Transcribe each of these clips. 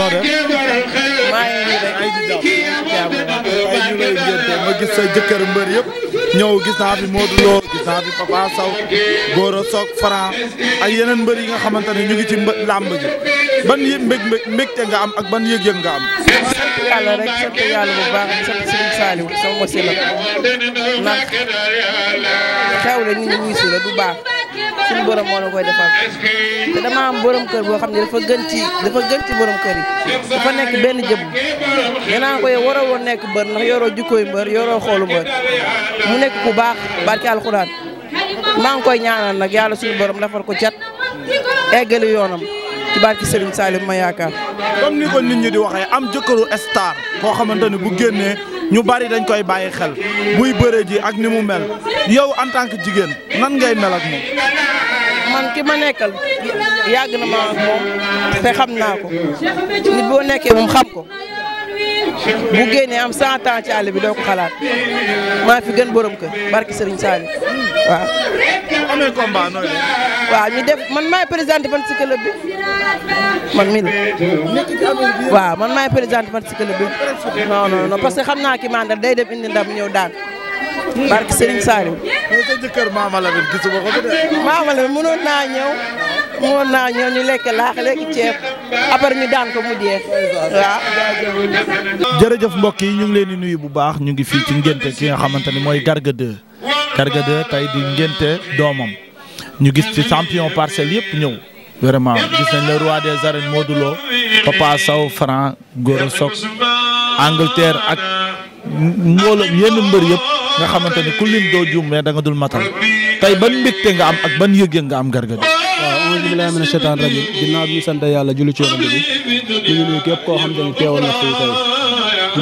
noo def rek ay di jàmm ay ñu lay jënte ma gis sa jëkkër mbër yëpp ñëw gis naa fi Modou Lo gis naa fi Papa Sow Gora Sock Franc ak yeneen mbër yi nga xamante ne ñu ngi ci mbë làmb ji ban yëg mbég mbégte nga am ak ban yëg-yëg nga am. sant yàlla si sant yàlla bu baax la xew la ñu ngi wisu la du baax. suñu borom moo la koy defal te dama am borom kër boo xam ne dafa gën ci dafa gën ci borom kër yi dafa nekk benn jëmm nee naa ko yow waroo nekk mbër ndax yoroo jukkooy mbër yoroo xoolu mbër mu nekk ku baax barki alxuraan maa ngi koy ñaanal nag yàlla suñu borom defal ko cat eggali yoonam ci barki Serigne Salim ma yaakaar. comme ni ko nit ñi di waxee am jëkkëru star koo xamante ne bu génnee. ñu bari dañ koy bàyyi xel muy bëre ji ak ni mu mel yow en tant que jigéen nan ngay mel ak moom. man ki ma nekkal yàgg na ma ak moom xam naa ko nit boo nekkee moom xam ko bu génnee am 100 ans ci àll bi doo ko xalaat maa fi gën borom kër barki Serigne Saliou waaw. amee combat waaw ñu def man maay présidente fan si club bi man mi la. waaw man maay présidente fan si club bi. non non non parce que xam naa ki mandal day dem indi ndam ñëw daan. barke Serigne Saliou. mooy sa jëkkër Maama naa ñëw. mënoon naa ñëw ñu lekk laax lekk ceeb après ñu daan ko mu jeex. waaw. jërëjëf mbokk yi ñu ngi leen di nuyu bu baax ñu ngi fii ci ngénte ki nga xamante ni mooy Garga 2 Garga 2 tey di ngénte doomam ñu gis ci champion parcelle yëpp ñëw vraiment gis nañ le roi des arènes Modou Lo Papa Sow Franc Gora Sock Angleterre ak mbooloo yenn mbër yëpp nga xamante ni ku lim doo juum mais da nga dul matal tey ban mbégte nga am ak ban yëg-yëg nga am Garga 2 waaw auzu billaahi mina shaytaani rajiim ginnaaw julli ci Yonent bi ñu ngi nuyu koo xam te ne teewoon na fii tey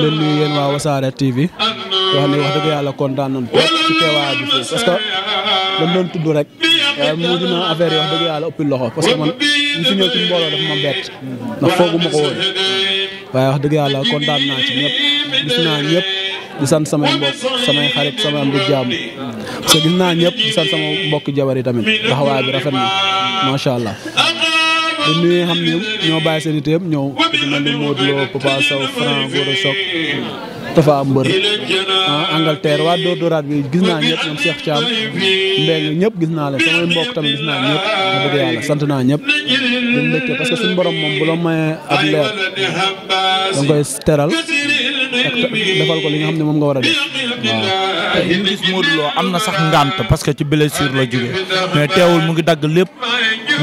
leen nuyu yéen waa Wasaare TV wax ni wax dëgg yàlla kontaan nañ trop ci teewaay bi fii parce que dañ tudd rek waaye mujj na affaire yi wax dëgg yàlla ëppil loxo parce que man ñu fi dëgg yàlla kontaan naa ci ñëpp gis naa ñëpp di sant samay mbokk samay xarit samay am di jàmm parce que ñëpp di sant mbokk jabar yi tamit taxawaay bi rafet na macha allah di xam ne ñoo bàyyi seen itam ñëw di mel ni Modou Lo Papa Sow Tafa Mbër ah, Angleterre waa Dóor Dóoraat bi gis naa ñëpp ñoom Cheikh ñëpp gis naa leen samay mbokk tamit gis naa ñëpp wax dëgg yàlla sant naa ñëpp di mbégte parce que suñu borom moom bu la mayee ak leer da koy ko li nga xam ne moom nga war a def waaw. li gis Modou am na sax ngànt parce que ci blessure la jógee mais teewul mu ngi dagg lépp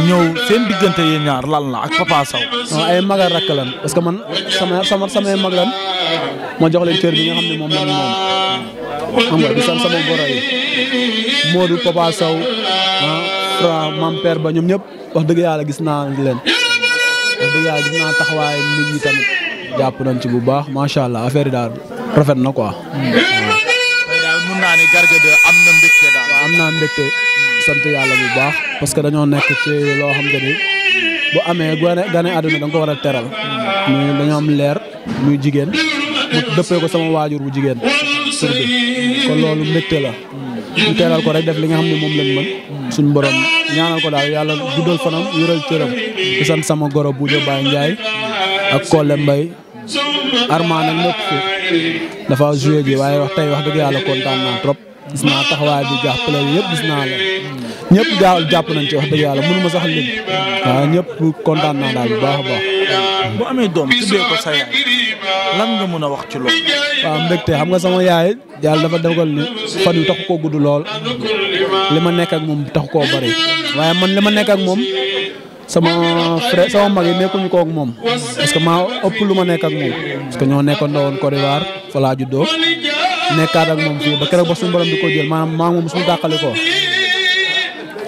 ñëw seen diggante yéen ñaar lan la ak Papa Sow. ay magal rakk lan parce man samay mag lan ma jox leen secteur bi nga ne moom la ñu moom xam nga yi Modou Papa ah, ba ñoom ñëpp wax dëgg yàlla gis naa leen wax dëgg nit ñi tamit jàpp nañ ci bu baax macha allah affaire yi rafet na quoi. Hmm. daal mun naa ne am na mbégte daal. am naa mbégte sant yàlla bu baax parce que dañoo nekk ci loo xam te ni bu amee gane gane àdduna war a teral muy dañoo leer muy jigéen. dëppee ko sama waajur bu jigéen tur bi kon loolu mbégte la ñu teeral ko rek def li nga xam ne moom lañ mën suñ borom ñaanal ko daal yàlla guddal fanam wéral cëram di sant sama goro bu Baye Ndiaye ak Kole bay Armand nekk dafa joué ji waaye wax tey wax dëgg yàlla kontaan trop gis naa taxawaay bi jaax play yëpp gis naa la ñëpp gaaw jàpp nañ ci wax dëgg yàlla mënu ma sax lim waaw ñëpp kontaan daal bu baax a baax bu amee doom tuddee ko sa yaay lan nga mën a wax ci loolu. waaw mbégte xam nga sama yaay yàlla dafa dogal ni fan yu taxu koo gudd lool li ma nekk ak moom taxu koo bëri waaye man li ma nekk ak moom sama frère sama mag yi nekkuñu ko moom parce que maa ëpp lu ma nekk ak moom. parce ñoo nekkandoo woon Côte d'Ivoire fa laa juddoo nekkaat ak moom fii ba keroog ba suñu borom di ko jël maanaam maa moom suñu dàqali ko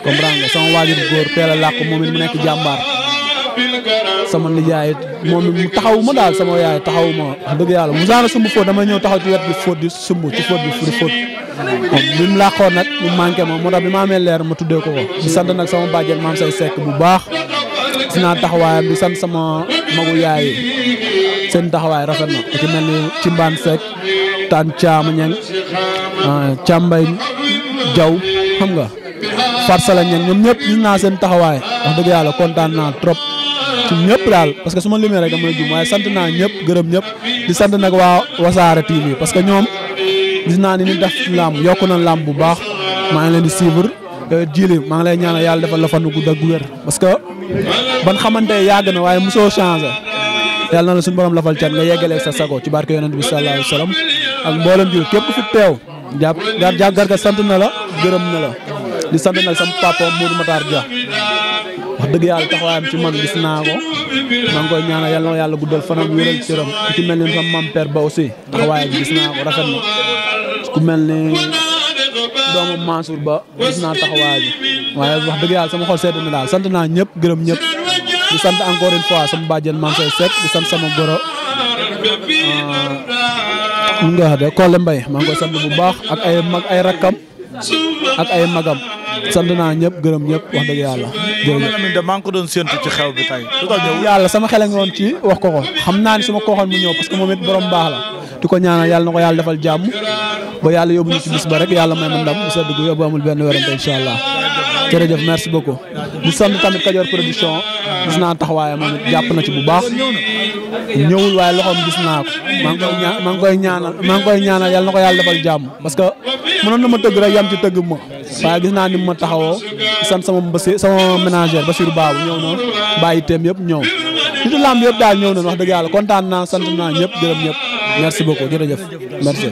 comprendre nga sama waajur góor teel a làq moom it mu nekk jàmbaar. sama nijaay moom mu taxaw ma daal sama yaay taxaw ma wax dëgg yàlla mu saana sumb fóot damay ñëw taxaw ci wet bi foot di sumb ci fóot bi di fóot bi mu làqoon nag mu manqué ma moo tax bi ma amee leer ma tuddee ko ko di sant nag sama bàjjen maam say sekk bu baax gis naa taxawaayam di sant sama magu yaay seen taxawaay rafet na ci mel ni ci mbaan sekk taan caama ñeng càmbay ah, jaw xam nga Fatou Sala ñoom ñoom ñëpp gis naa seen taxawaay wax yàlla kontaan naa trop ñëpp daal parce que su ma limee rek damay jum waaye sant naa ñëpp gërëm ñëpp di sant nag waa Wassare TV parce que ñoom gis naa ni ñu def làmb yokk na làmb bu baax maa ngi leen di suivre euh, jili maa ngi lay ñaanal yàlla defal la fan gu gudd ak wér parce que ban xamante yàgg na waaye mosoo changé yàlla na la suñu borom lafal cat nga yeggaleeg sa sago ci barke yonent bi sallallahu alayhi wasallam ak mboolem jur képp ku fi teew jàpp sant na gërëm na la di sant nag sama papa Modou Matar Dia wax dëgg yàlla taxawaayam ci man gis naa ko maa ngi koy ñaanal yàlla yàlla guddal fanam wéral cëram ku ci mel ni sama mam père ba aussi taxawaayam gis naa ko rafet na mel ni doomu Mansour ba gis naa taxawaay waaye wax dëgg yàlla sama xol sedd na daal sant naa ñëpp gërëm ñëpp di sant encore une fois sama bàjjen maam say set di sant sama goro mu ah, nga wax de Kole Mbaye ngi koy sant bu baax ak ay mag ay rakkam ak ay magam sant naa ñëpp gërëm ñëpp wax dëgg yàlla jërëjëf maa ngi ko doon séntu ci xew bi tey yàlla sama xel a ci wax ko ko xam naa ni su ma ko waxoon mu ñëw parce que moom it borom baax la di ko ñaanal yàlla na ko yàlla defal jàmm ba yàlla yóbbu ñu ci bis ba rek yàlla ma ndam bu sedd gu yóbbu amul benn werante incha allah jërëjëf merci beaucoup di sant tamit Kajoor production gis naa taxawaayam jàpp na ci bu baax ñëwul waaye loxoom gis naa ko maa ngi koy ñaan koy ñaanal maa ngi koy ñaanal yàlla na ko yàlla defal jàmm parce que mënoon na ma tëgg rek yam ci tëgg ma waaye gis naa ni ma taxawoo sant sama mbasi sama ménager ménagère Bachir Babou ñëw noonu bàyyi teem yëpp ñëw nitu lamb yëpp daal ñëw noonu wax dëgg yàlla kontaan naa sant naa ñëpp gërëm ñëpp merci beaucoup jërëjëf merci